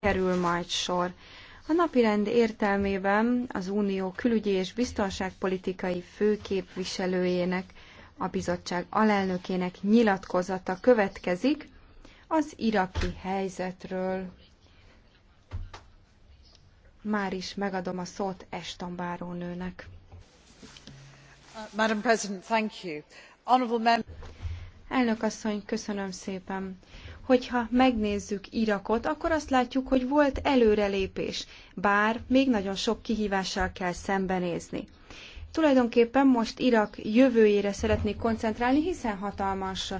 kerül majd sor. A napirend értelmében az Unió külügyi és biztonságpolitikai főképviselőjének, a bizottság alelnökének nyilatkozata következik az iraki helyzetről. Már is megadom a szót Eston nőnek. Madam President, thank you. Honorable Elnök asszony, köszönöm szépen. Hogyha megnézzük Irakot, akkor azt látjuk, hogy volt előrelépés, bár még nagyon sok kihívással kell szembenézni. Tulajdonképpen most Irak jövőjére szeretnék koncentrálni, hiszen hatalmas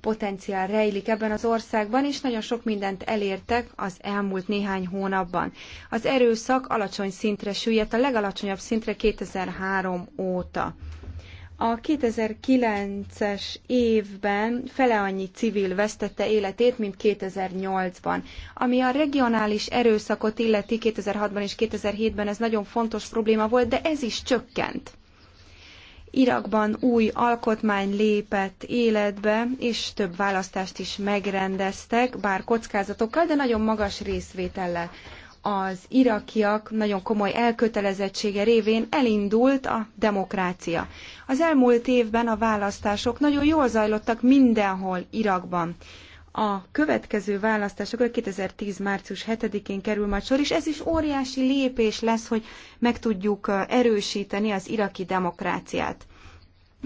potenciál rejlik ebben az országban, és nagyon sok mindent elértek az elmúlt néhány hónapban. Az erőszak alacsony szintre süllyedt, a legalacsonyabb szintre 2003 óta. A 2009-es évben fele annyi civil vesztette életét, mint 2008-ban. Ami a regionális erőszakot illeti 2006-ban és 2007-ben, ez nagyon fontos probléma volt, de ez is csökkent. Irakban új alkotmány lépett életbe, és több választást is megrendeztek, bár kockázatokkal, de nagyon magas részvétellel az irakiak nagyon komoly elkötelezettsége révén elindult a demokrácia. Az elmúlt évben a választások nagyon jól zajlottak mindenhol Irakban. A következő választásokra 2010. március 7-én kerül majd sor, és ez is óriási lépés lesz, hogy meg tudjuk erősíteni az iraki demokráciát.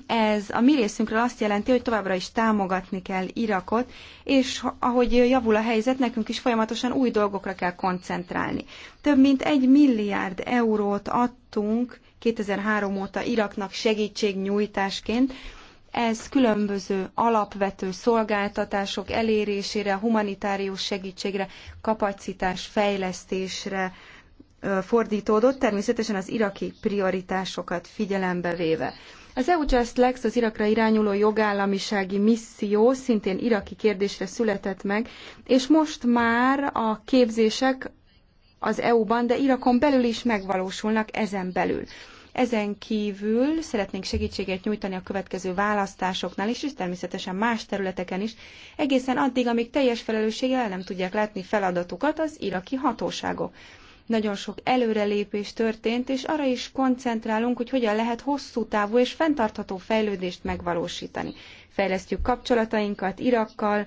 Ez a mi részünkről azt jelenti, hogy továbbra is támogatni kell Irakot, és ahogy javul a helyzet, nekünk is folyamatosan új dolgokra kell koncentrálni. Több mint egy milliárd eurót adtunk 2003 óta Iraknak segítségnyújtásként, ez különböző alapvető szolgáltatások elérésére, humanitárius segítségre, kapacitás fejlesztésre fordítódott, természetesen az iraki prioritásokat figyelembe véve. Az EU Just Lex, az Irakra irányuló jogállamisági misszió szintén iraki kérdésre született meg, és most már a képzések az EU-ban, de Irakon belül is megvalósulnak ezen belül. Ezen kívül szeretnénk segítséget nyújtani a következő választásoknál is, és természetesen más területeken is, egészen addig, amíg teljes felelősséggel nem tudják látni feladatukat az iraki hatóságok. Nagyon sok előrelépés történt, és arra is koncentrálunk, hogy hogyan lehet hosszú távú és fenntartható fejlődést megvalósítani. Fejlesztjük kapcsolatainkat Irakkal,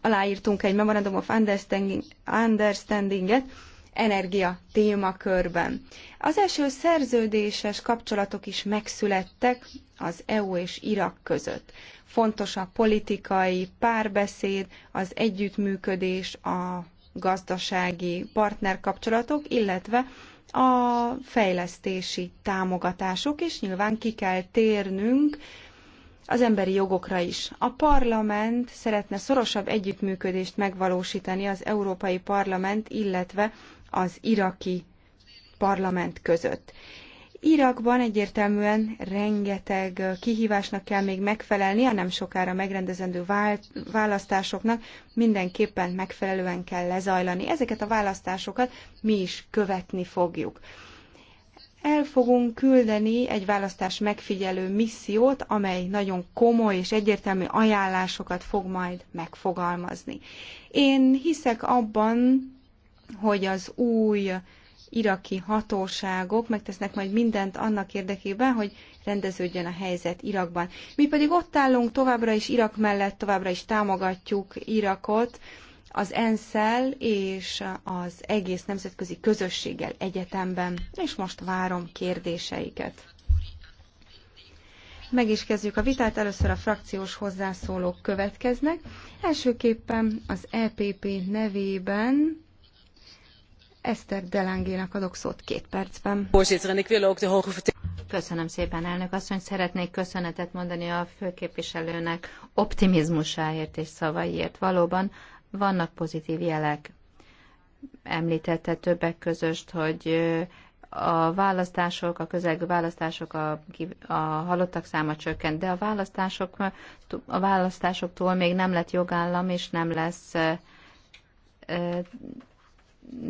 aláírtunk egy Memorandum of Understanding, Understanding-et, energia témakörben. Az első szerződéses kapcsolatok is megszülettek az EU és Irak között. Fontos a politikai párbeszéd, az együttműködés, a gazdasági partnerkapcsolatok, illetve a fejlesztési támogatások, és nyilván ki kell térnünk az emberi jogokra is. A parlament szeretne szorosabb együttműködést megvalósítani az Európai Parlament, illetve az iraki parlament között. Irakban egyértelműen rengeteg kihívásnak kell még megfelelni, a nem sokára megrendezendő választásoknak mindenképpen megfelelően kell lezajlani. Ezeket a választásokat mi is követni fogjuk el fogunk küldeni egy választás megfigyelő missziót, amely nagyon komoly és egyértelmű ajánlásokat fog majd megfogalmazni. Én hiszek abban, hogy az új iraki hatóságok megtesznek majd mindent annak érdekében, hogy rendeződjön a helyzet Irakban. Mi pedig ott állunk továbbra is Irak mellett, továbbra is támogatjuk Irakot az ensz és az egész nemzetközi közösséggel egyetemben. És most várom kérdéseiket. Meg is kezdjük a vitát, először a frakciós hozzászólók következnek. Elsőképpen az EPP nevében Eszter Delangénak adok szót két percben. Köszönöm szépen, elnök asszony. Szeretnék köszönetet mondani a főképviselőnek optimizmusáért és szavaiért. Valóban vannak pozitív jelek. Említette többek között, hogy a választások, a közelgő választások, a, a halottak száma csökkent, de a, választások, a választásoktól még nem lett jogállam, és nem lesz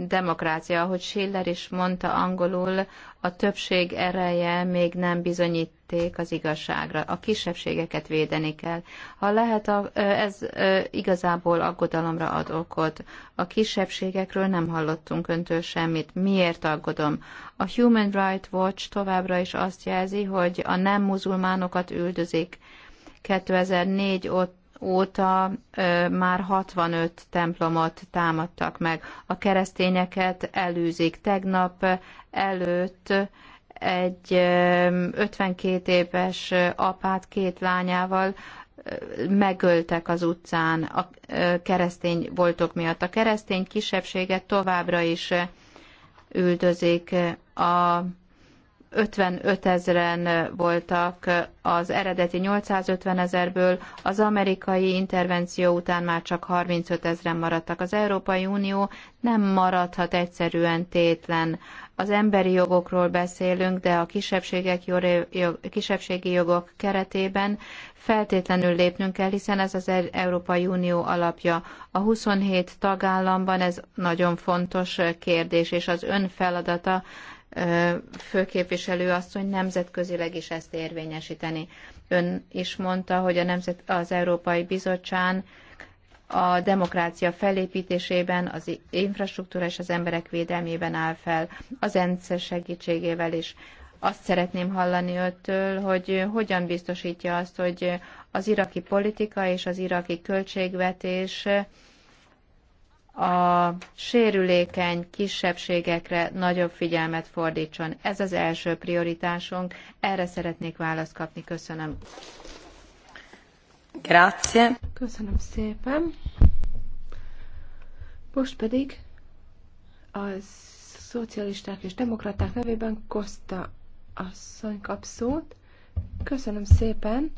demokrácia, ahogy Schiller is mondta angolul, a többség ereje még nem bizonyíték az igazságra. A kisebbségeket védeni kell. Ha lehet, ez igazából aggodalomra ad okot. A kisebbségekről nem hallottunk öntől semmit. Miért aggodom? A Human Rights Watch továbbra is azt jelzi, hogy a nem muzulmánokat üldözik. 2004 ott óta már 65 templomot támadtak meg. A keresztényeket elűzik. Tegnap előtt egy 52 éves apát két lányával megöltek az utcán a keresztény voltok miatt. A keresztény kisebbséget továbbra is üldözik. A 55 ezeren voltak az eredeti 850 ezerből, az amerikai intervenció után már csak 35 ezeren maradtak. Az Európai Unió nem maradhat egyszerűen tétlen. Az emberi jogokról beszélünk, de a kisebbségek jog, kisebbségi jogok keretében feltétlenül lépnünk kell, hiszen ez az e- Európai Unió alapja. A 27 tagállamban ez nagyon fontos kérdés, és az ön feladata, főképviselő asszony nemzetközileg is ezt érvényesíteni. Ön is mondta, hogy a nemzet, az Európai Bizottság a demokrácia felépítésében, az infrastruktúra és az emberek védelmében áll fel, az ENSZ segítségével is. Azt szeretném hallani öttől, hogy hogyan biztosítja azt, hogy az iraki politika és az iraki költségvetés a sérülékeny kisebbségekre nagyobb figyelmet fordítson. Ez az első prioritásunk. Erre szeretnék választ kapni. Köszönöm. Grazie. Köszönöm szépen. Most pedig a szocialisták és demokraták nevében Kosta asszony kap szót. Köszönöm szépen.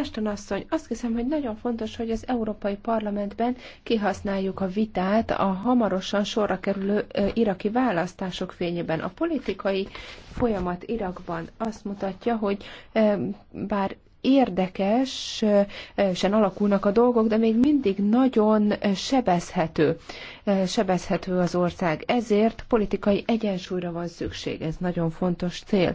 Ashton asszony, azt hiszem, hogy nagyon fontos, hogy az Európai Parlamentben kihasználjuk a vitát a hamarosan sorra kerülő iraki választások fényében. A politikai folyamat Irakban azt mutatja, hogy bár érdekesen alakulnak a dolgok, de még mindig nagyon sebezhető. Sebezhető az ország. Ezért politikai egyensúlyra van szükség. Ez nagyon fontos cél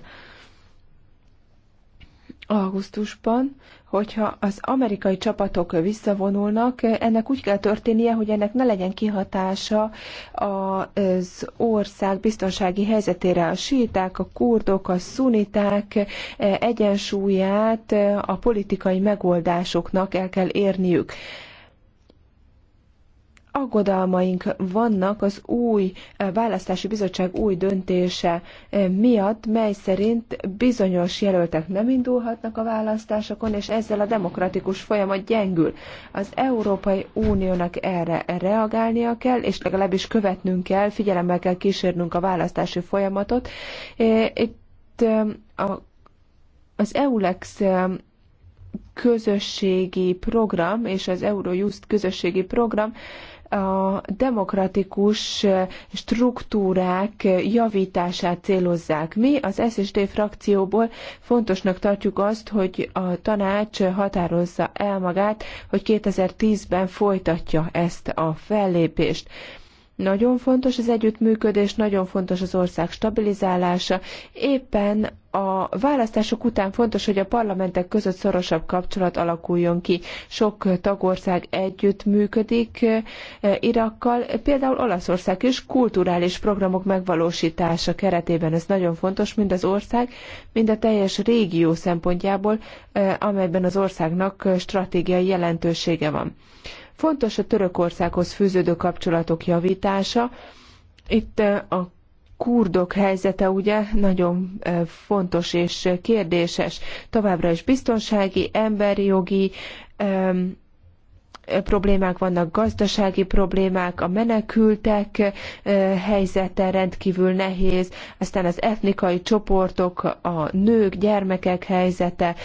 augusztusban, hogyha az amerikai csapatok visszavonulnak, ennek úgy kell történnie, hogy ennek ne legyen kihatása az ország biztonsági helyzetére. A síták, a kurdok, a szuniták egyensúlyát a politikai megoldásoknak el kell érniük aggodalmaink vannak az új eh, választási bizottság új döntése eh, miatt, mely szerint bizonyos jelöltek nem indulhatnak a választásokon, és ezzel a demokratikus folyamat gyengül. Az Európai Uniónak erre reagálnia kell, és legalábbis követnünk kell, figyelemmel kell kísérnünk a választási folyamatot. Eh, itt az EULEX közösségi program és az Eurojust közösségi program a demokratikus struktúrák javítását célozzák. Mi az SSD frakcióból fontosnak tartjuk azt, hogy a tanács határozza el magát, hogy 2010-ben folytatja ezt a fellépést. Nagyon fontos az együttműködés, nagyon fontos az ország stabilizálása. Éppen a választások után fontos, hogy a parlamentek között szorosabb kapcsolat alakuljon ki. Sok tagország együttműködik eh, Irakkal, például Olaszország is kulturális programok megvalósítása keretében. Ez nagyon fontos, mind az ország, mind a teljes régió szempontjából, eh, amelyben az országnak stratégiai jelentősége van. Fontos a Törökországhoz fűződő kapcsolatok javítása. Itt a kurdok helyzete ugye nagyon fontos és kérdéses. Továbbra is biztonsági, emberi jogi, problémák vannak, gazdasági problémák, a menekültek helyzete rendkívül nehéz, aztán az etnikai csoportok, a nők, gyermekek helyzete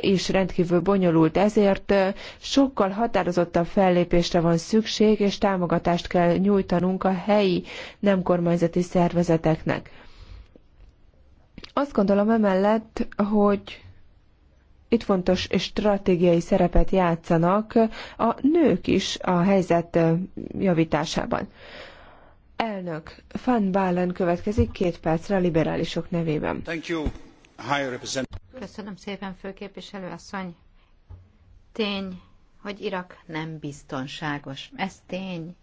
is rendkívül bonyolult. Ezért sokkal határozottabb fellépésre van szükség, és támogatást kell nyújtanunk a helyi nem kormányzati szervezeteknek. Azt gondolom emellett, hogy itt fontos stratégiai szerepet játszanak a nők is a helyzet javításában. Elnök, Van Balen következik két percre a liberálisok nevében. Köszönöm szépen, főképviselő asszony. Tény, hogy Irak nem biztonságos. Ez tény.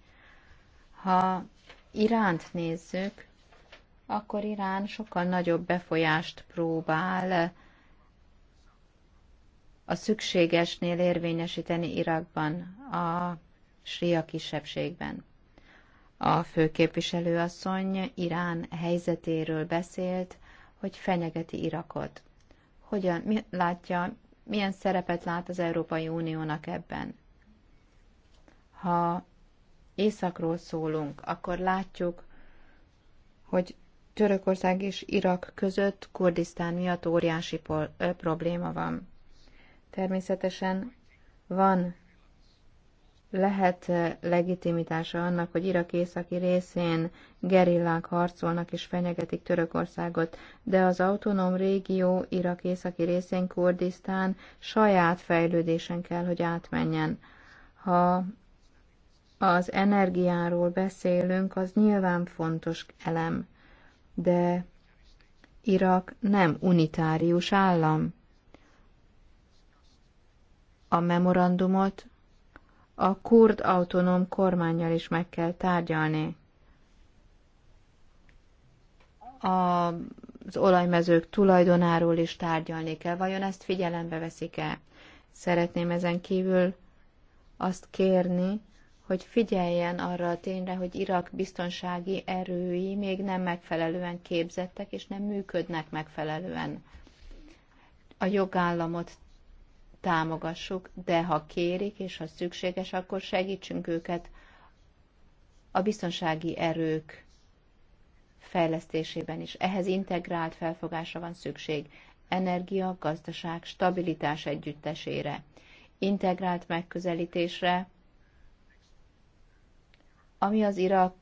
Ha Iránt nézzük, akkor Irán sokkal nagyobb befolyást próbál a szükségesnél érvényesíteni Irakban, a Sria kisebbségben. A főképviselőasszony Irán helyzetéről beszélt, hogy fenyegeti Irakot. Hogyan mi, látja, milyen szerepet lát az Európai Uniónak ebben? Ha északról szólunk, akkor látjuk, hogy Törökország és Irak között Kurdisztán miatt óriási probléma van. Természetesen van, lehet eh, legitimitása annak, hogy Irak északi részén gerillák harcolnak és fenyegetik Törökországot, de az autonóm régió Irak északi részén Kurdisztán saját fejlődésen kell, hogy átmenjen. Ha az energiáról beszélünk, az nyilván fontos elem, de Irak nem unitárius állam a memorandumot a kurd autonóm kormányjal is meg kell tárgyalni. A az olajmezők tulajdonáról is tárgyalni kell. Vajon ezt figyelembe veszik-e? Szeretném ezen kívül azt kérni, hogy figyeljen arra a tényre, hogy Irak biztonsági erői még nem megfelelően képzettek és nem működnek megfelelően. A jogállamot támogassuk, de ha kérik, és ha szükséges, akkor segítsünk őket a biztonsági erők fejlesztésében is. Ehhez integrált felfogásra van szükség. Energia, gazdaság, stabilitás együttesére. Integrált megközelítésre, ami az Irak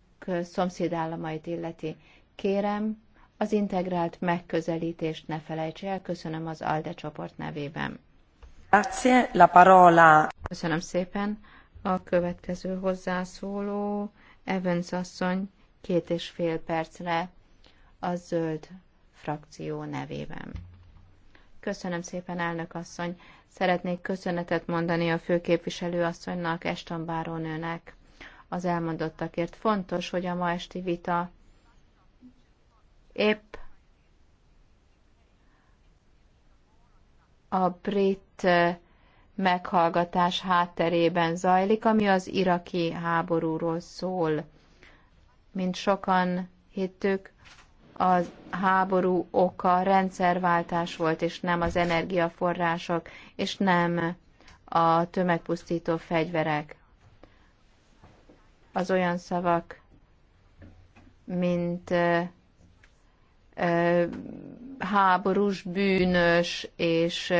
szomszédállamait illeti. Kérem, az integrált megközelítést ne felejts el, köszönöm az ALDE csoport nevében. Grazie, la parola. Köszönöm szépen. A következő hozzászóló Evans asszony két és fél percre a zöld frakció nevében. Köszönöm szépen, elnök asszony. Szeretnék köszönetet mondani a főképviselő asszonynak, Eston Bárónőnek az elmondottakért. Fontos, hogy a ma esti vita épp a brit nyílt meghallgatás hátterében zajlik, ami az iraki háborúról szól. Mint sokan hittük, a háború oka rendszerváltás volt, és nem az energiaforrások, és nem a tömegpusztító fegyverek. Az olyan szavak, mint háborús, bűnös és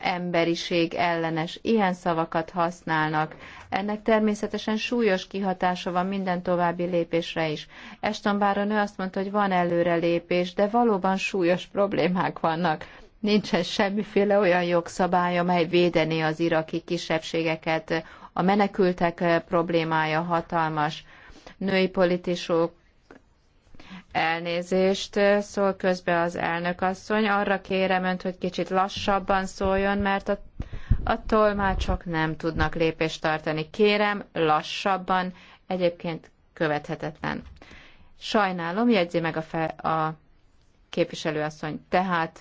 emberiség ellenes, ilyen szavakat használnak. Ennek természetesen súlyos kihatása van minden további lépésre is. Eston Báron ő azt mondta, hogy van előrelépés, de valóban súlyos problémák vannak. Nincsen semmiféle olyan jogszabály, amely védené az iraki kisebbségeket. A menekültek problémája hatalmas. Női politikusok, Elnézést eh, szól közbe az elnök asszony. Arra kérem önt, hogy kicsit lassabban szóljon, mert a, a tolmácsok nem tudnak lépést tartani. Kérem, lassabban, egyébként követhetetlen. Sajnálom, jegyzi meg a, fe, a képviselőasszony. Tehát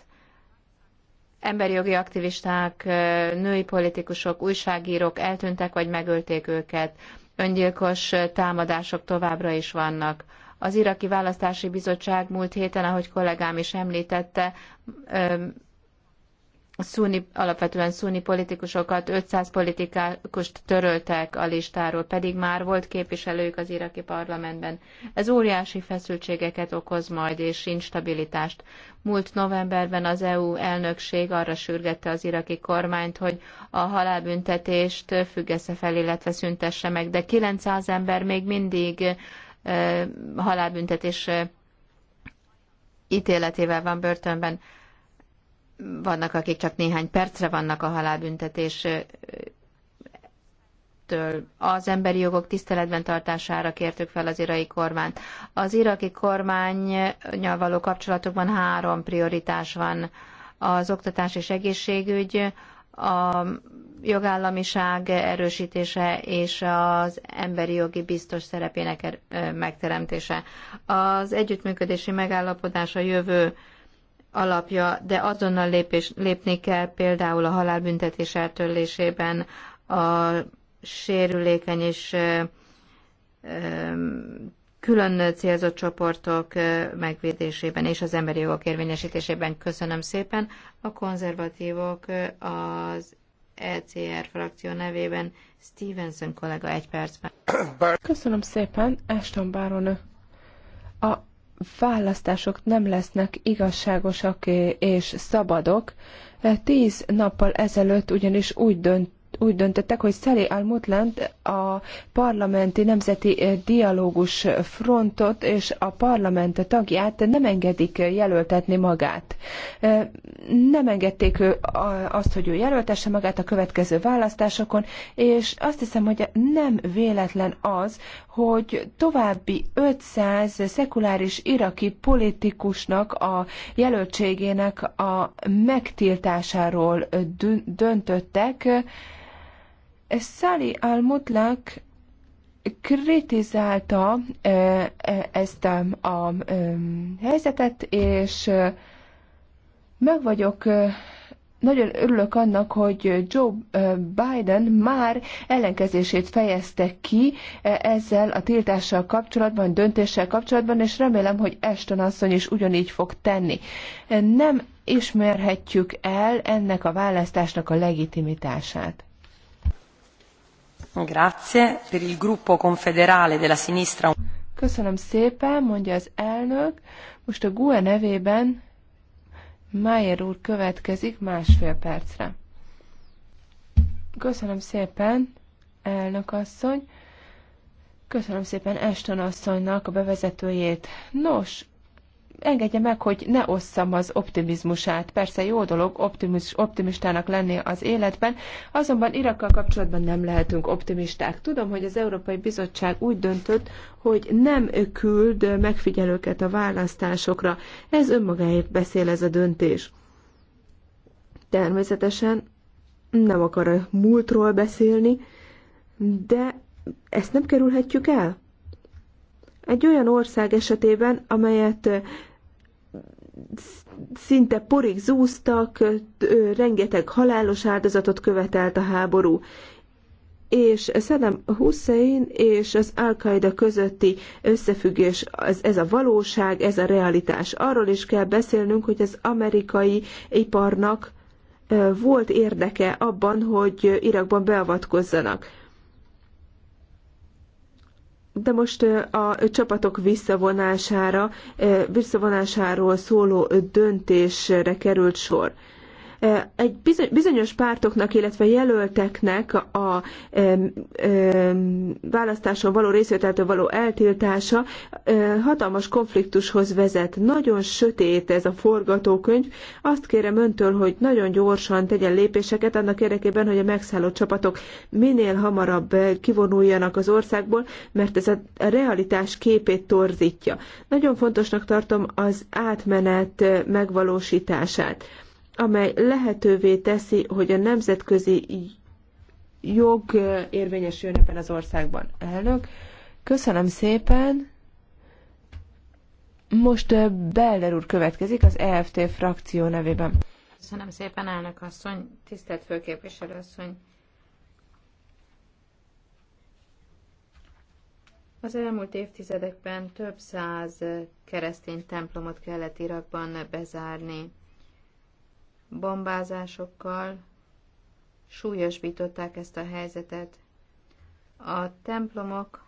emberi jogi aktivisták, eh, női politikusok, újságírók eltűntek vagy megölték őket, öngyilkos eh, támadások továbbra is vannak az Iraki Választási Bizottság múlt héten, ahogy kollégám is említette, szúni, alapvetően szúni politikusokat, 500 politikust töröltek a listáról, pedig már volt képviselőjük az iraki parlamentben. Ez óriási feszültségeket okoz majd, és instabilitást. Múlt novemberben az EU elnökség arra sürgette az iraki kormányt, hogy a halálbüntetést függesse fel, illetve szüntesse meg, de 900 ember még mindig halálbüntetés ítéletével van börtönben. Vannak, akik csak néhány percre vannak a halálbüntetés től az emberi jogok tiszteletben tartására kértük fel az irai kormányt. Az iraki kormány való kapcsolatokban három prioritás van. Az oktatás és egészségügy, a jogállamiság erősítése és az emberi jogi biztos szerepének er- megteremtése. Az együttműködési megállapodás a jövő alapja, de azonnal lépés, lépni kell például a halálbüntetés eltörlésében, a sérülékeny és külön célzott csoportok megvédésében és az emberi jogok érvényesítésében. Köszönöm szépen. A konzervatívok az ECR frakció nevében Stevenson kollega egy percben. Köszönöm szépen, Ashton Baron. A választások nem lesznek igazságosak és szabadok. Tíz nappal ezelőtt ugyanis úgy dönt úgy döntöttek, hogy Szeli Almutland a parlamenti nemzeti eh, dialógus frontot és a parlament tagját nem engedik eh, jelöltetni magát. Eh, nem engedték azt, hogy ő jelöltesse magát a következő választásokon, és azt hiszem, hogy nem véletlen az, hogy további 500 szekuláris iraki politikusnak a jelöltségének a megtiltásáról döntöttek, Szali al-Mutlak kritizálta e, e, ezt a, a e, helyzetet, és meg vagyok nagyon örülök annak, hogy Joe Biden már ellenkezését fejezte ki ezzel a tiltással kapcsolatban, döntéssel kapcsolatban, és remélem, hogy Ashton asszony is ugyanígy fog tenni. Nem ismerhetjük el ennek a választásnak a legitimitását. Köszönöm szépen, mondja az elnök. Most a GUE nevében Mayer úr következik másfél percre. Köszönöm szépen, elnök asszony. Köszönöm szépen Eston asszonynak a bevezetőjét. Nos, engedje meg, hogy ne osszam az optimizmusát. Persze jó dolog optimis, optimistának lenni az életben, azonban Irakkal kapcsolatban nem lehetünk optimisták. Tudom, hogy az Európai Bizottság úgy döntött, hogy nem küld megfigyelőket a választásokra. Ez önmagáért beszél ez a döntés. Természetesen nem akar a múltról beszélni, de ezt nem kerülhetjük el. Egy olyan ország esetében, amelyet szinte porig zúztak, rengeteg halálos áldozatot követelt a háború. És Saddam Hussein és az Al-Qaeda közötti összefüggés, ez, ez a valóság, ez a realitás. Arról is kell beszélnünk, hogy az amerikai iparnak volt érdeke abban, hogy Irakban beavatkozzanak de most a csapatok visszavonására, visszavonásáról szóló döntésre került sor egy bizonyos pártoknak, illetve jelölteknek a választáson való részvételtől való eltiltása hatalmas konfliktushoz vezet. Nagyon sötét ez a forgatókönyv. Azt kérem öntől, hogy nagyon gyorsan tegyen lépéseket annak érdekében, hogy a megszálló csapatok minél hamarabb kivonuljanak az országból, mert ez a realitás képét torzítja. Nagyon fontosnak tartom az átmenet megvalósítását amely lehetővé teszi, hogy a nemzetközi jog érvényesüljön ebben az országban. Elnök, köszönöm szépen. Most Beller úr következik az EFT frakció nevében. Köszönöm szépen, elnök asszony, tisztelt főképviselő asszony. Az elmúlt évtizedekben több száz keresztény templomot kellett Irakban bezárni bombázásokkal súlyosbították ezt a helyzetet. A templomok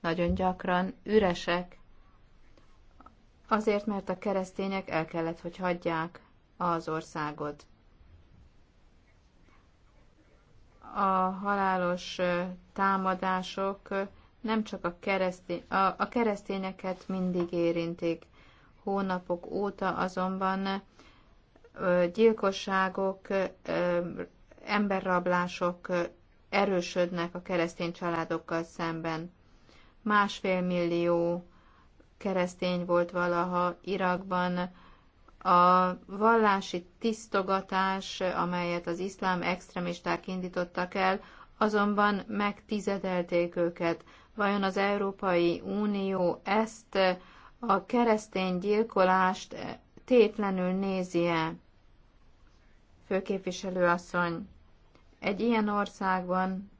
nagyon gyakran üresek, azért, mert a keresztények el kellett, hogy hagyják az országot. A halálos támadások nem csak a, keresztény, a, a keresztényeket mindig érintik. Hónapok óta azonban gyilkosságok, emberrablások erősödnek a keresztény családokkal szemben. Másfél millió keresztény volt valaha Irakban. A vallási tisztogatás, amelyet az iszlám extremisták indítottak el, azonban megtizedelték őket. Vajon az Európai Unió ezt a keresztény gyilkolást tétlenül nézi-e? főképviselő asszony, egy ilyen országban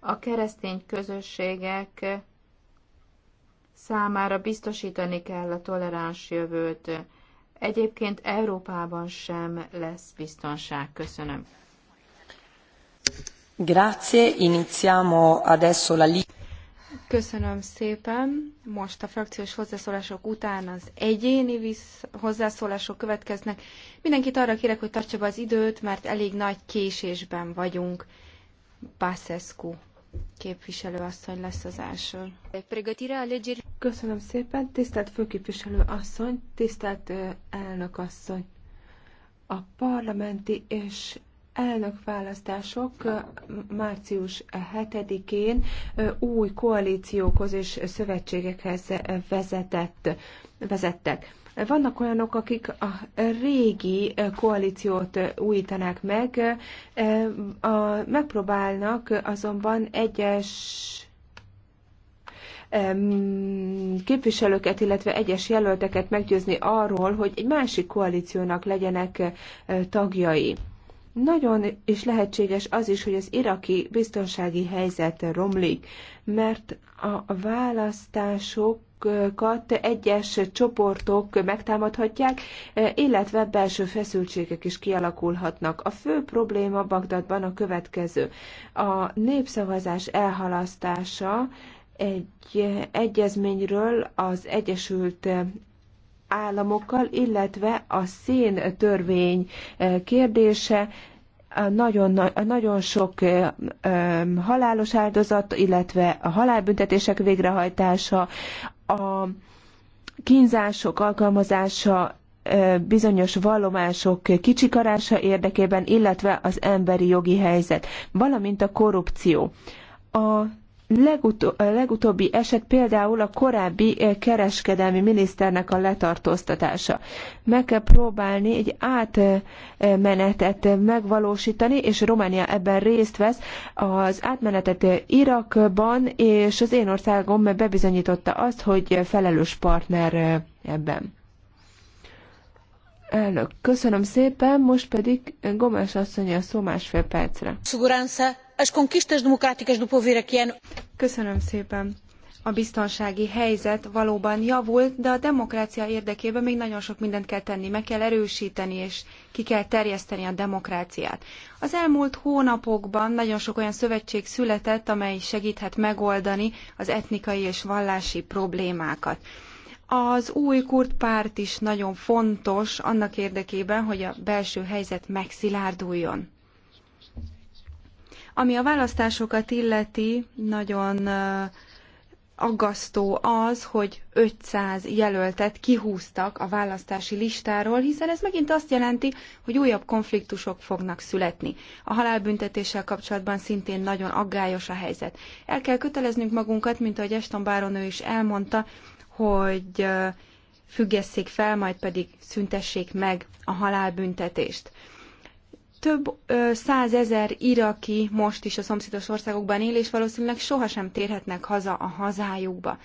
a keresztény közösségek számára biztosítani kell a toleráns jövőt. Egyébként Európában sem lesz biztonság. Köszönöm. Grazie, iniziamo adesso la Köszönöm szépen. Most a frakciós hozzászólások után az egyéni visz hozzászólások következnek. Mindenkit arra kérek, hogy tartsa be az időt, mert elég nagy késésben vagyunk. Basescu asszony lesz az első. Köszönöm szépen, tisztelt főképviselő asszony, tisztelt elnök asszony. A parlamenti és elnökválasztások március 7-én új koalíciókhoz és szövetségekhez vezetett, vezettek. Vannak olyanok, akik a régi koalíciót újítanák meg, megpróbálnak azonban egyes képviselőket, illetve egyes jelölteket meggyőzni arról, hogy egy másik koalíciónak legyenek tagjai. Nagyon is lehetséges az is, hogy az iraki biztonsági helyzet romlik, mert a választásokat egyes csoportok megtámadhatják, illetve belső feszültségek is kialakulhatnak. A fő probléma Bagdadban a következő. A népszavazás elhalasztása egy egyezményről az Egyesült államokkal, illetve a szén törvény eh, kérdése, nagyon, nagyon sok eh, halálos áldozat, illetve a halálbüntetések végrehajtása, a kínzások alkalmazása, eh, bizonyos vallomások kicsikarása érdekében, illetve az emberi jogi helyzet, valamint a korrupció. A legutó, legutóbbi eset például a korábbi eh, kereskedelmi miniszternek a letartóztatása. Meg kell próbálni egy átmenetet megvalósítani, és Románia ebben részt vesz. Az átmenetet Irakban, és az én országom bebizonyította azt, hogy felelős partner eh, ebben. Elnök, köszönöm szépen, most pedig Gomes asszony a szó másfél percre as conquistas democráticas do povo iraquiano. Köszönöm szépen. A biztonsági helyzet valóban javult, de a demokrácia érdekében még nagyon sok mindent kell tenni, meg kell erősíteni, és ki kell terjeszteni a demokráciát. Az elmúlt hónapokban nagyon sok olyan szövetség született, amely segíthet megoldani az etnikai és vallási problémákat. Az új kurt párt is nagyon fontos annak érdekében, hogy a belső helyzet megszilárduljon. Ami a választásokat illeti, nagyon aggasztó az, hogy 500 jelöltet kihúztak a választási listáról, hiszen ez megint azt jelenti, hogy újabb konfliktusok fognak születni. A halálbüntetéssel kapcsolatban szintén nagyon aggályos a helyzet. El kell köteleznünk magunkat, mint ahogy Eston Baronő is elmondta, hogy függesszék fel, majd pedig szüntessék meg a halálbüntetést. Több ö, százezer iraki most is a szomszédos országokban él, és valószínűleg sohasem térhetnek haza a hazájukba.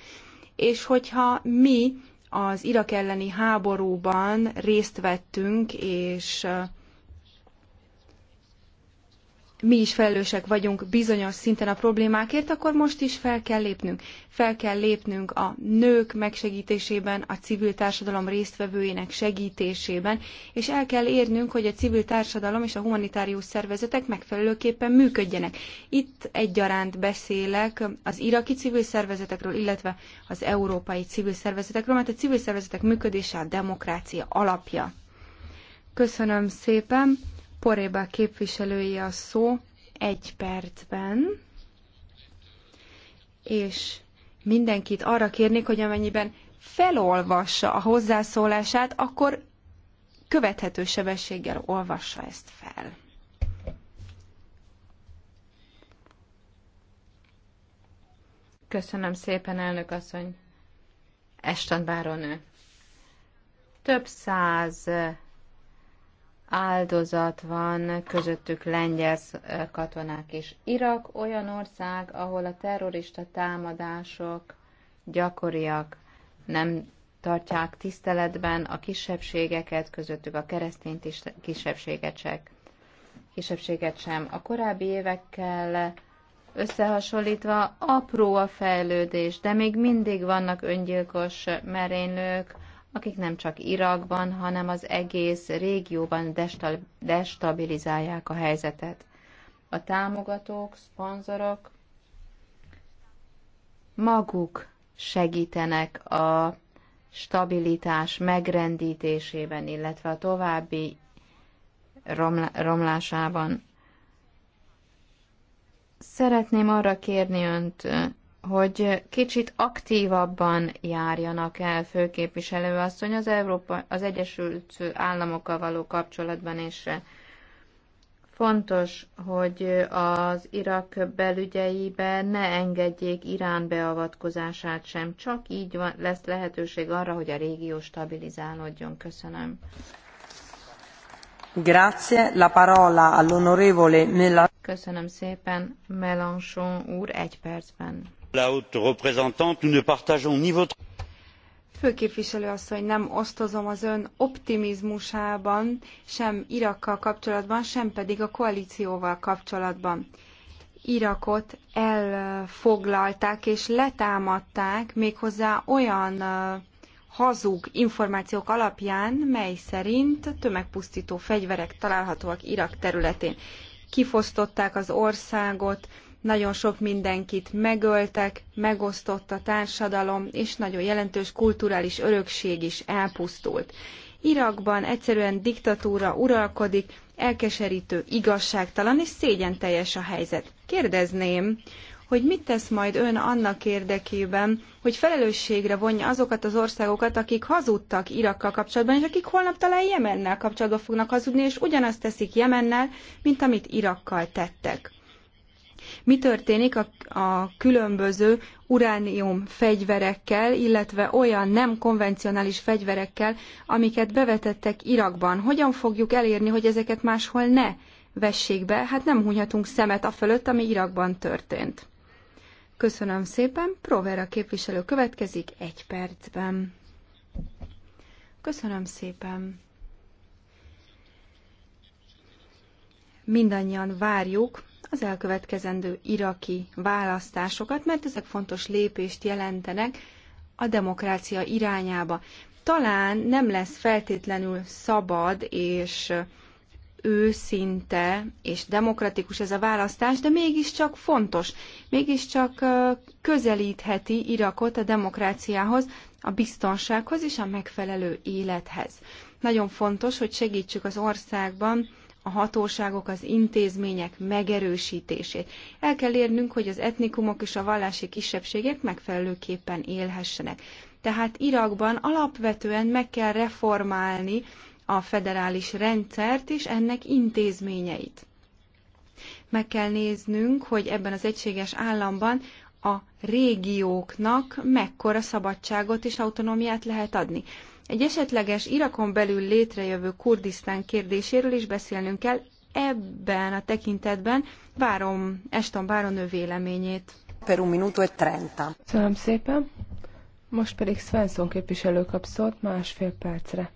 És hogyha mi az Irak elleni háborúban részt vettünk, és mi is felelősek vagyunk bizonyos szinten a problémákért, akkor most is fel kell lépnünk. Fel kell lépnünk a nők megsegítésében, a civil társadalom résztvevőinek segítésében, és el kell érnünk, hogy a civil társadalom és a humanitárius szervezetek megfelelőképpen működjenek. Itt egyaránt beszélek az iraki civil szervezetekről, illetve az európai civil szervezetekről, mert a civil szervezetek működése a demokrácia alapja. Köszönöm szépen! Poréba képviselői a szó egy percben, és mindenkit arra kérnék, hogy amennyiben felolvassa a hozzászólását, akkor követhető sebességgel olvassa ezt fel. Köszönöm szépen, elnök asszony. Eston Báronő. Több száz áldozat van, közöttük lengyel katonák is. Irak olyan ország, ahol a terrorista támadások gyakoriak, nem tartják tiszteletben a kisebbségeket, közöttük a keresztény kisebbséget sem. Kisebbséget sem. A korábbi évekkel összehasonlítva apró a fejlődés, de még mindig vannak öngyilkos merénylők, akik nem csak Irakban, hanem az egész régióban destabilizálják a helyzetet. A támogatók, szponzorok maguk segítenek a stabilitás megrendítésében, illetve a további romlásában. Szeretném arra kérni önt, hogy kicsit aktívabban járjanak el főképviselő asszony az, Európa, az Egyesült Államokkal való kapcsolatban, és fontos, hogy az Irak belügyeibe ne engedjék Irán beavatkozását sem. Csak így van, lesz lehetőség arra, hogy a régió stabilizálódjon. Köszönöm. Grazie. La parola all'onorevole Mela. Köszönöm szépen, Melanchon úr, egy percben la haute représentante nous ne partageons ni votre. Főképviselő asszony, nem osztozom az ön optimizmusában, sem Irakkal kapcsolatban, sem pedig a koalícióval kapcsolatban. Irakot elfoglalták és letámadták méghozzá olyan hazug információk alapján, mely szerint tömegpusztító fegyverek találhatóak Irak területén. Kifosztották az országot nagyon sok mindenkit megöltek, megosztott a társadalom, és nagyon jelentős kulturális örökség is elpusztult. Irakban egyszerűen diktatúra uralkodik, elkeserítő, igazságtalan és teljes a helyzet. Kérdezném, hogy mit tesz majd ön annak érdekében, hogy felelősségre vonja azokat az országokat, akik hazudtak Irakkal kapcsolatban, és akik holnap talán Jemennel kapcsolatban fognak hazudni, és ugyanazt teszik Jemennel, mint amit Irakkal tettek mi történik a, a különböző uránium fegyverekkel, illetve olyan nem konvencionális fegyverekkel, amiket bevetettek Irakban. Hogyan fogjuk elérni, hogy ezeket máshol ne vessék be? Hát nem hunyhatunk szemet a fölött, ami Irakban történt. Köszönöm szépen. Provera képviselő következik egy percben. Köszönöm szépen. Mindannyian várjuk az elkövetkezendő iraki választásokat, mert ezek fontos lépést jelentenek a demokrácia irányába. Talán nem lesz feltétlenül szabad és őszinte és demokratikus ez a választás, de mégiscsak fontos, mégiscsak közelítheti Irakot a demokráciához, a biztonsághoz és a megfelelő élethez. Nagyon fontos, hogy segítsük az országban a hatóságok, az intézmények megerősítését. El kell érnünk, hogy az etnikumok és a vallási kisebbségek megfelelőképpen élhessenek. Tehát Irakban alapvetően meg kell reformálni a federális rendszert és ennek intézményeit. Meg kell néznünk, hogy ebben az egységes államban a régióknak mekkora szabadságot és autonómiát lehet adni. Egy esetleges Irakon belül létrejövő Kurdisztán kérdéséről is beszélnünk kell. Ebben a tekintetben várom Eston Báronő véleményét. Per un minuto e trenta. Köszönöm szépen. Most pedig Svensson képviselő kap szót másfél percre.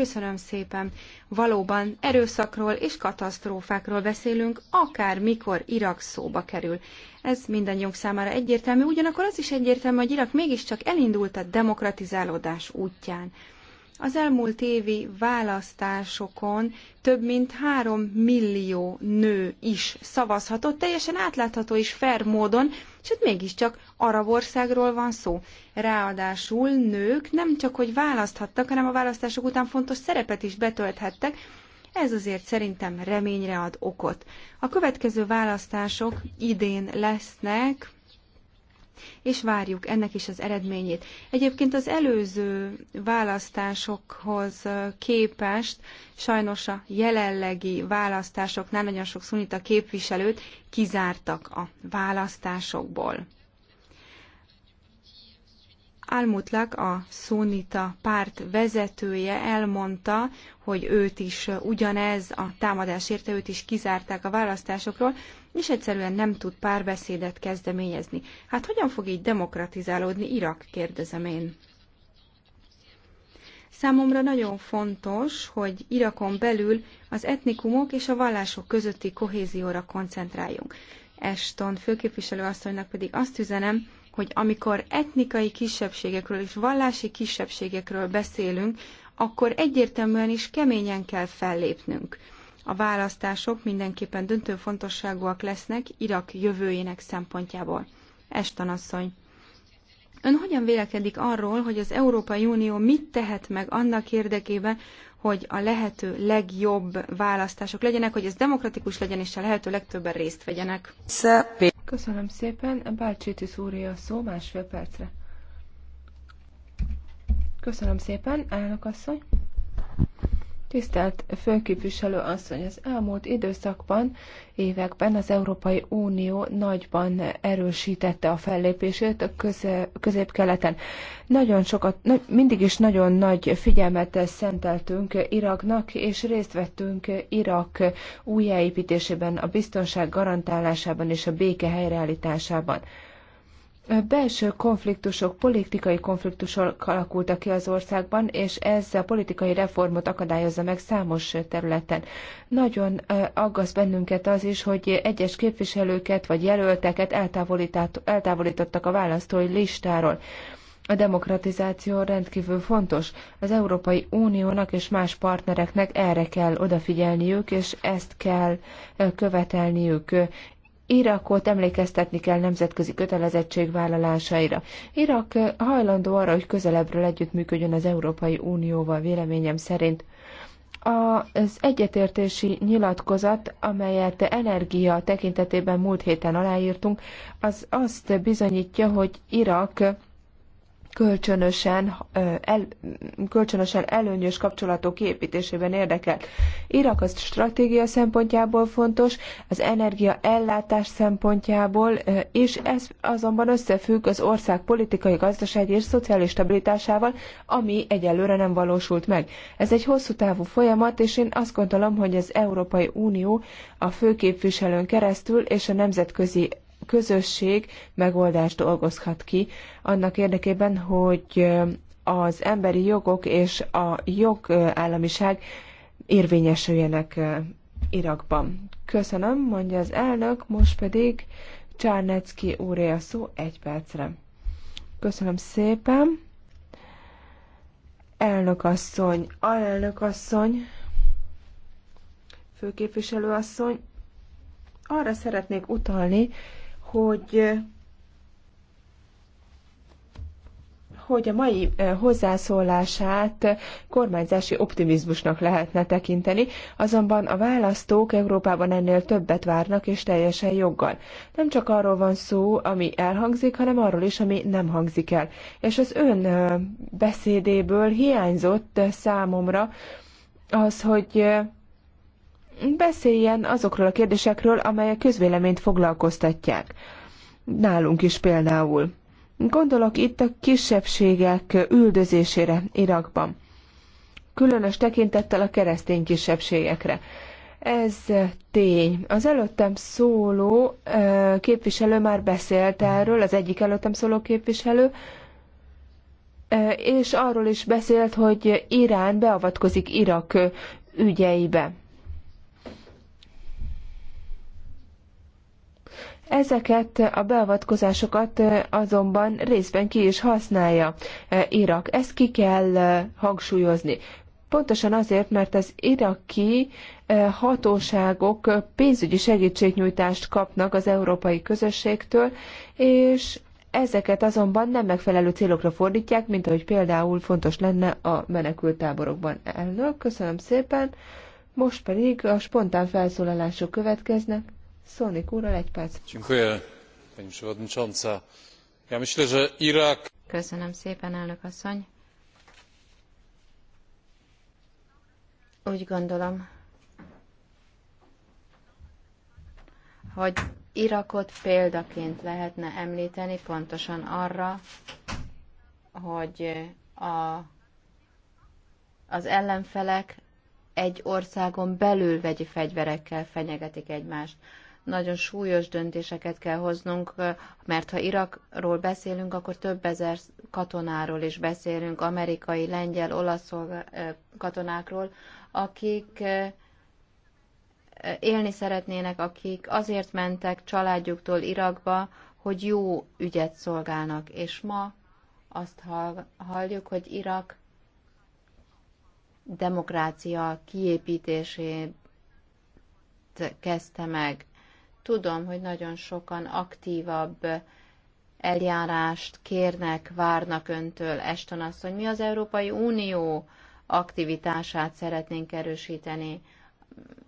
Köszönöm szépen. Valóban erőszakról és katasztrófákról beszélünk, akár mikor Irak szóba kerül. Ez mindannyiunk számára egyértelmű, ugyanakkor az is egyértelmű, hogy Irak mégiscsak elindult a demokratizálódás útján. Az elmúlt évi választásokon több mint három millió nő is szavazhatott, teljesen átlátható és fair módon, sőt mégiscsak arab országról van szó. Ráadásul nők nem csak hogy választhattak, hanem a választások után fontos szerepet is betölthettek, ez azért szerintem reményre ad okot. A következő választások idén lesznek, és várjuk ennek is az eredményét. Egyébként az előző választásokhoz képest sajnos a jelenlegi választásoknál nagyon sok szunita képviselőt kizártak a választásokból. Almutlak, a Szunita párt vezetője elmondta, hogy őt is ugyanez a támadás érte, őt is kizárták a választásokról, és egyszerűen nem tud párbeszédet kezdeményezni. Hát hogyan fog így demokratizálódni Irak, kérdezem én. Számomra nagyon fontos, hogy Irakon belül az etnikumok és a vallások közötti kohézióra koncentráljunk. Eston főképviselő asszonynak pedig azt üzenem, hogy amikor etnikai kisebbségekről és vallási kisebbségekről beszélünk, akkor egyértelműen is keményen kell fellépnünk. A választások mindenképpen döntő fontosságúak lesznek Irak jövőjének szempontjából. Eston asszony. Ön hogyan vélekedik arról, hogy az Európai Unió mit tehet meg annak érdekében, hogy a lehető legjobb választások legyenek, hogy ez demokratikus legyen, és a lehető legtöbben részt vegyenek? Köszönöm szépen. Bácsitis úré a szó másfél percre. Köszönöm szépen, elnök asszony. Tisztelt főképviselő asszony, az elmúlt időszakban, években az Európai Unió nagyban erősítette a fellépését a közép-keleten. Nagyon sokat, mindig is nagyon nagy figyelmet szenteltünk Iraknak, és részt vettünk Irak újjáépítésében, a biztonság garantálásában és a béke helyreállításában. Belső konfliktusok, politikai konfliktusok alakultak ki az országban, és ez a politikai reformot akadályozza meg számos területen. Nagyon aggaszt bennünket az is, hogy egyes képviselőket vagy jelölteket eltávolítottak a választói listáról. A demokratizáció rendkívül fontos. Az Európai Uniónak és más partnereknek erre kell odafigyelniük, és ezt kell követelniük. Irakot emlékeztetni kell nemzetközi kötelezettségvállalásaira. Irak eh, hajlandó arra, hogy közelebbről együttműködjön az Európai Unióval véleményem szerint. Az egyetértési nyilatkozat, amelyet energia tekintetében múlt héten aláírtunk, az azt bizonyítja, hogy Irak kölcsönösen, el, kölcsönösen előnyös kapcsolatok építésében érdekel. Irak az stratégia szempontjából fontos, az energia ellátás szempontjából, és ez azonban összefügg az ország politikai, gazdasági és szociális stabilitásával, ami egyelőre nem valósult meg. Ez egy hosszú távú folyamat, és én azt gondolom, hogy az Európai Unió a főképviselőn keresztül és a nemzetközi közösség megoldást dolgozhat ki annak érdekében, hogy az emberi jogok és a jogállamiság érvényesüljenek Irakban. Köszönöm, mondja az elnök, most pedig Csárnecki úré a szó egy percre. Köszönöm szépen. Elnök asszony, alelnök asszony, főképviselő asszony, arra szeretnék utalni, hogy hogy a mai eh, hozzászólását kormányzási optimizmusnak lehetne tekinteni, azonban a választók Európában ennél többet várnak, és teljesen joggal. Nem csak arról van szó, ami elhangzik, hanem arról is, ami nem hangzik el. És az ön eh, beszédéből hiányzott eh, számomra az, hogy beszéljen azokról a kérdésekről, amelyek közvéleményt foglalkoztatják. Nálunk is például. Gondolok itt a kisebbségek üldözésére Irakban. Különös tekintettel a keresztény kisebbségekre. Ez tény. Az előttem szóló képviselő már beszélt erről, az egyik előttem szóló képviselő, és arról is beszélt, hogy Irán beavatkozik Irak ügyeibe. Ezeket a beavatkozásokat azonban részben ki is használja Irak. Ezt ki kell hangsúlyozni. Pontosan azért, mert az iraki hatóságok pénzügyi segítségnyújtást kapnak az európai közösségtől, és ezeket azonban nem megfelelő célokra fordítják, mint ahogy például fontos lenne a menekültáborokban. Elnök, köszönöm szépen. Most pedig a spontán felszólalások következnek. Szólnik úrral Köszönöm szépen, elnök asszony. Úgy gondolom, hogy Irakot példaként lehetne említeni pontosan arra, hogy a, az ellenfelek egy országon belül vegyi fegyverekkel fenyegetik egymást nagyon súlyos döntéseket kell hoznunk, mert ha Irakról beszélünk, akkor több ezer katonáról is beszélünk, amerikai, lengyel, olasz katonákról, akik élni szeretnének, akik azért mentek családjuktól Irakba, hogy jó ügyet szolgálnak. És ma azt halljuk, hogy Irak demokrácia kiépítését kezdte meg. Tudom, hogy nagyon sokan aktívabb eljárást kérnek, várnak öntől, Eston asszony. Mi az Európai Unió aktivitását szeretnénk erősíteni?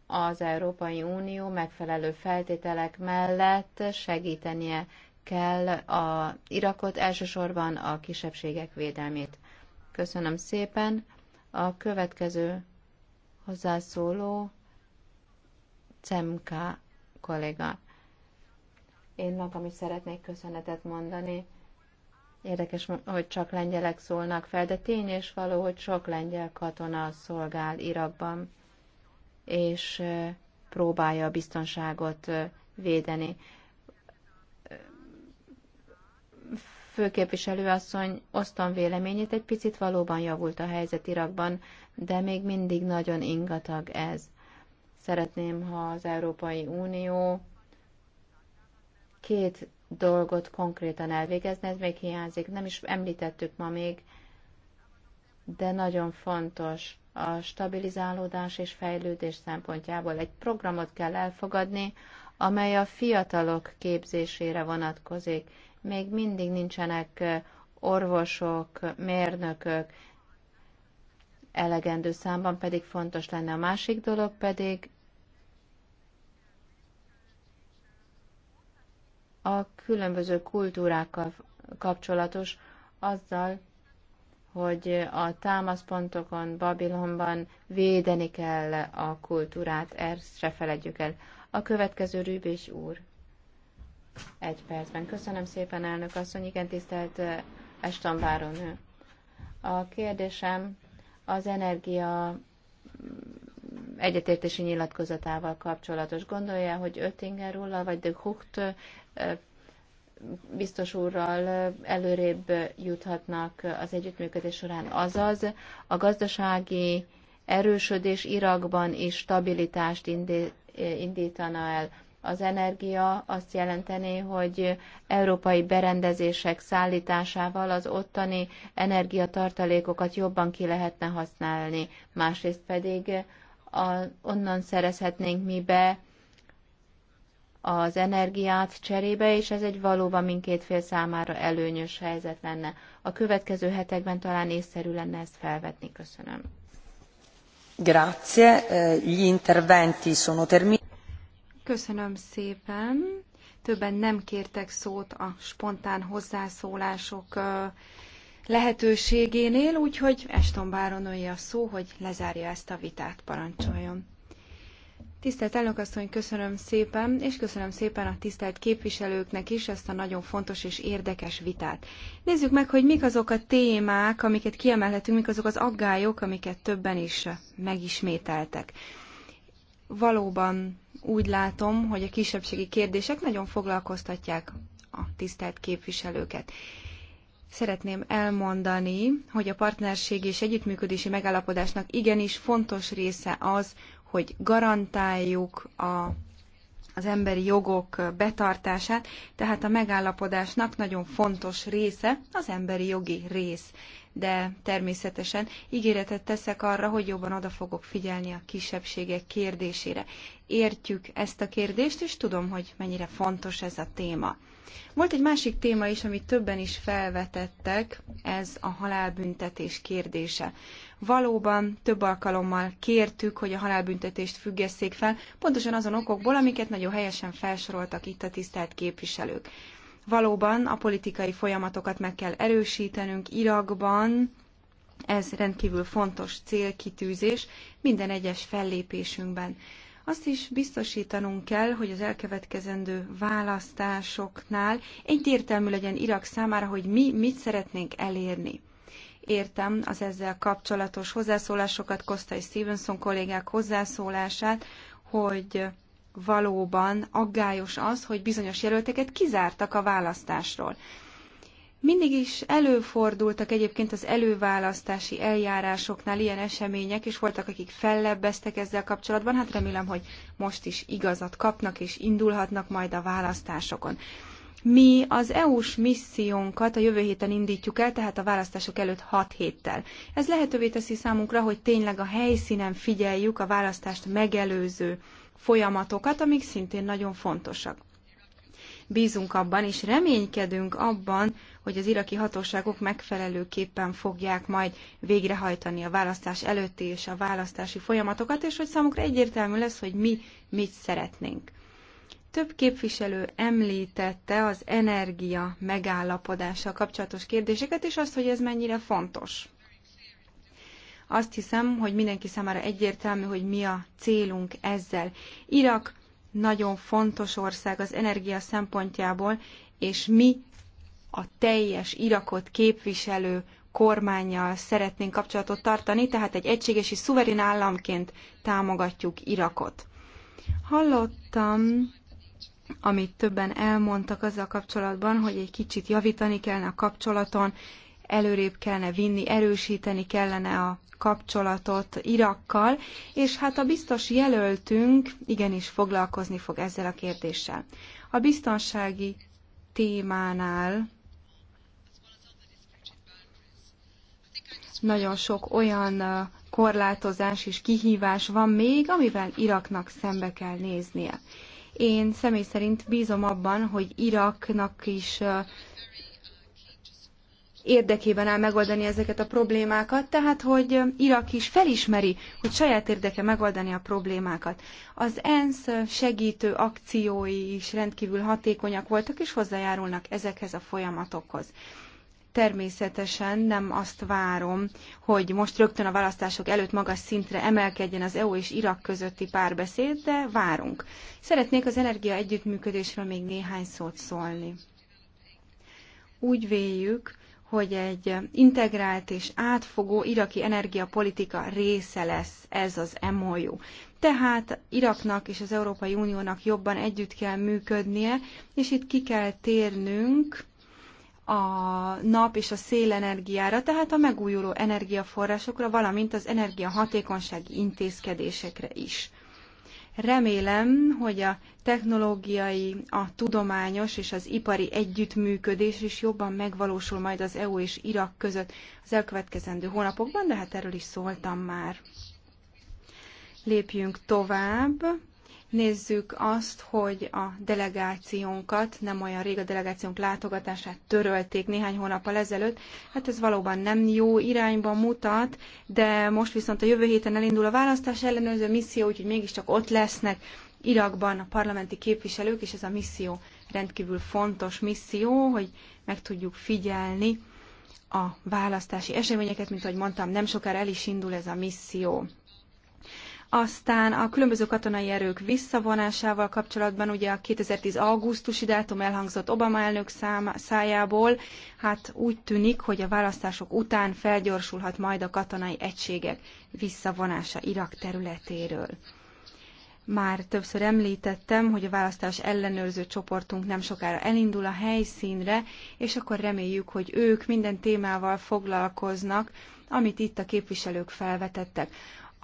Az Európai Unió megfelelő feltételek mellett segítenie kell a Irakot, elsősorban a kisebbségek védelmét. Köszönöm szépen. A következő hozzászóló Cemka kolléga. Én magam is szeretnék köszönetet mondani. Érdekes, hogy csak lengyelek szólnak fel, de tény és való, hogy sok lengyel katona szolgál Irakban, és próbálja a biztonságot védeni. asszony, osztom véleményét, egy picit valóban javult a helyzet Irakban, de még mindig nagyon ingatag ez. Szeretném, ha az Európai Unió két dolgot konkrétan elvégezne, ez még hiányzik, nem is említettük ma még, de nagyon fontos a stabilizálódás és fejlődés szempontjából egy programot kell elfogadni, amely a fiatalok képzésére vonatkozik. Még mindig nincsenek orvosok, mérnökök, elegendő számban pedig fontos lenne. A másik dolog pedig a különböző kultúrákkal kapcsolatos, azzal, hogy a támaszpontokon, Babilonban védeni kell a kultúrát, ezt se feledjük el. A következő Rübés úr. Egy percben. Köszönöm szépen, elnök asszony. Igen, tisztelt Eston eh, Báronő. A kérdésem az energia mm, egyetértési nyilatkozatával kapcsolatos. Gondolja, hogy Öttinger úrral vagy de Hucht biztos úrral előrébb juthatnak az együttműködés során. Azaz a gazdasági erősödés Irakban is stabilitást indítana el. Az energia azt jelenteni, hogy európai berendezések szállításával az ottani energiatartalékokat jobban ki lehetne használni. Másrészt pedig a, onnan szerezhetnénk mi be az energiát cserébe, és ez egy valóban mindkét fél számára előnyös helyzet lenne. A következő hetekben talán észszerű lenne ezt felvetni. Köszönöm. Grazie. Eh, gli interventi sono terminati. Köszönöm szépen. Többen nem kértek szót a spontán hozzászólások eh, lehetőségénél, úgyhogy Eston Báron a szó, hogy lezárja ezt a vitát, parancsoljon. Tisztelt elnökasszony, köszönöm szépen, és köszönöm szépen a tisztelt képviselőknek is ezt a nagyon fontos és érdekes vitát. Nézzük meg, hogy mik azok a témák, amiket kiemelhetünk, mik azok az aggályok, amiket többen is megismételtek. Valóban úgy látom, hogy a kisebbségi kérdések nagyon foglalkoztatják a tisztelt képviselőket. Szeretném elmondani, hogy a partnerségi és együttműködési megállapodásnak igenis fontos része az, hogy garantáljuk a az emberi jogok betartását, tehát a megállapodásnak nagyon fontos része az emberi jogi rész. De természetesen ígéretet teszek arra, hogy jobban oda fogok figyelni a kisebbségek kérdésére. Értjük ezt a kérdést, és tudom, hogy mennyire fontos ez a téma. Volt egy másik téma is, amit többen is felvetettek, ez a halálbüntetés kérdése. Valóban több alkalommal kértük, hogy a halálbüntetést függesszék fel, pontosan azon okokból, amiket nagyon helyesen felsoroltak itt a tisztelt képviselők. Valóban a politikai folyamatokat meg kell erősítenünk Irakban, ez rendkívül fontos célkitűzés minden egyes fellépésünkben. Azt is biztosítanunk kell, hogy az elkövetkezendő választásoknál egyértelmű legyen Irak számára, hogy mi mit szeretnénk elérni. Értem az ezzel kapcsolatos hozzászólásokat, Kostai Stevenson kollégák hozzászólását, hogy valóban aggályos az, hogy bizonyos jelölteket kizártak a választásról. Mindig is előfordultak egyébként az előválasztási eljárásoknál ilyen események, és voltak, akik fellebbeztek ezzel kapcsolatban. Hát remélem, hogy most is igazat kapnak, és indulhatnak majd a választásokon. Mi az EU-s missziónkat a jövő héten indítjuk el, tehát a választások előtt 6 héttel. Ez lehetővé teszi számunkra, hogy tényleg a helyszínen figyeljük a választást megelőző folyamatokat, amik szintén nagyon fontosak. Bízunk abban és reménykedünk abban, hogy az iraki hatóságok megfelelőképpen fogják majd végrehajtani a választás előtti és a választási folyamatokat, és hogy számukra egyértelmű lesz, hogy mi mit szeretnénk. Több képviselő említette az energia megállapodása kapcsolatos kérdéseket, és azt, hogy ez mennyire fontos. Azt hiszem, hogy mindenki számára egyértelmű, hogy mi a célunk ezzel. Irak nagyon fontos ország az energia szempontjából, és mi a teljes Irakot képviselő kormányjal szeretnénk kapcsolatot tartani, tehát egy egységes és szuverén államként támogatjuk Irakot. Hallottam amit többen elmondtak azzal kapcsolatban, hogy egy kicsit javítani kellene a kapcsolaton, előrébb kellene vinni, erősíteni kellene a kapcsolatot Irakkal, és hát a biztos jelöltünk igenis foglalkozni fog ezzel a kérdéssel. A biztonsági témánál nagyon sok olyan korlátozás és kihívás van még, amivel Iraknak szembe kell néznie. Én személy szerint bízom abban, hogy Iraknak is érdekében áll megoldani ezeket a problémákat, tehát hogy Irak is felismeri, hogy saját érdeke megoldani a problémákat. Az ENSZ segítő akciói is rendkívül hatékonyak voltak, és hozzájárulnak ezekhez a folyamatokhoz. Természetesen nem azt várom, hogy most rögtön a választások előtt magas szintre emelkedjen az EU és Irak közötti párbeszéd, de várunk. Szeretnék az energia együttműködésről még néhány szót szólni. Úgy véljük, hogy egy integrált és átfogó iraki energiapolitika része lesz ez az MOU. Tehát Iraknak és az Európai Uniónak jobban együtt kell működnie, és itt ki kell térnünk a nap és a szélenergiára, tehát a megújuló energiaforrásokra, valamint az energiahatékonysági intézkedésekre is. Remélem, hogy a technológiai, a tudományos és az ipari együttműködés is jobban megvalósul majd az EU és Irak között az elkövetkezendő hónapokban, de hát erről is szóltam már. Lépjünk tovább nézzük azt, hogy a delegációnkat, nem olyan rég a delegációnk látogatását törölték néhány hónappal ezelőtt, hát ez valóban nem jó irányba mutat, de most viszont a jövő héten elindul a választás ellenőrző misszió, úgyhogy mégiscsak ott lesznek Irakban a parlamenti képviselők, és ez a misszió rendkívül fontos misszió, hogy meg tudjuk figyelni a választási eseményeket, mint ahogy mondtam, nem sokára el is indul ez a misszió. Aztán a különböző katonai erők visszavonásával kapcsolatban ugye a 2010. augusztusi dátum elhangzott Obama elnök szám, szájából, hát úgy tűnik, hogy a választások után felgyorsulhat majd a katonai egységek visszavonása Irak területéről. Már többször említettem, hogy a választás ellenőrző csoportunk nem sokára elindul a helyszínre, és akkor reméljük, hogy ők minden témával foglalkoznak, amit itt a képviselők felvetettek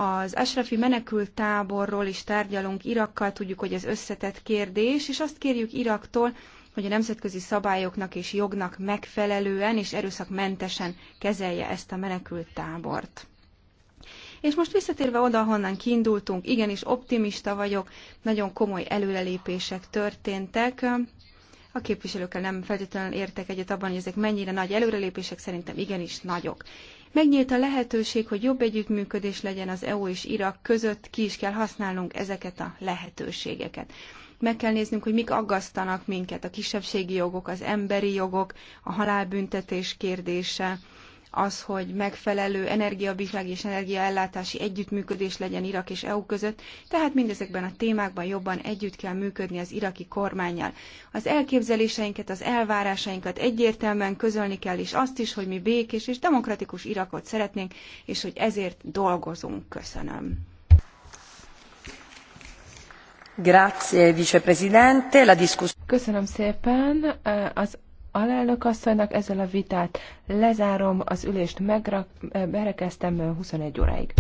az Ashrafi menekült táborról is tárgyalunk Irakkal, tudjuk, hogy ez összetett kérdés, és azt kérjük Iraktól, hogy a nemzetközi szabályoknak és jognak megfelelően és erőszakmentesen kezelje ezt a menekült tábort. És most visszatérve oda, honnan kiindultunk, igenis optimista vagyok, nagyon komoly előrelépések történtek. A képviselőkkel nem feltétlenül értek egyet abban, hogy ezek mennyire nagy előrelépések, szerintem igenis nagyok. Megnyílt a lehetőség, hogy jobb együttműködés legyen az EU és Irak között, ki is kell használnunk ezeket a lehetőségeket. Meg kell néznünk, hogy mik aggasztanak minket, a kisebbségi jogok, az emberi jogok, a halálbüntetés kérdése, az, hogy megfelelő energiabizslági és energiaellátási együttműködés legyen Irak és EU között, tehát mindezekben a témákban jobban együtt kell működni az iraki kormányjal. Az elképzeléseinket, az elvárásainkat egyértelműen közölni kell, és azt is, hogy mi békés és demokratikus Irakot szeretnénk, és hogy ezért dolgozunk. Köszönöm. Grazie, vicepresidente. La discuss- Köszönöm szépen. Az alelnök asszonynak, ezzel a vitát lezárom, az ülést megrak, eh, berekeztem eh, 21 óráig.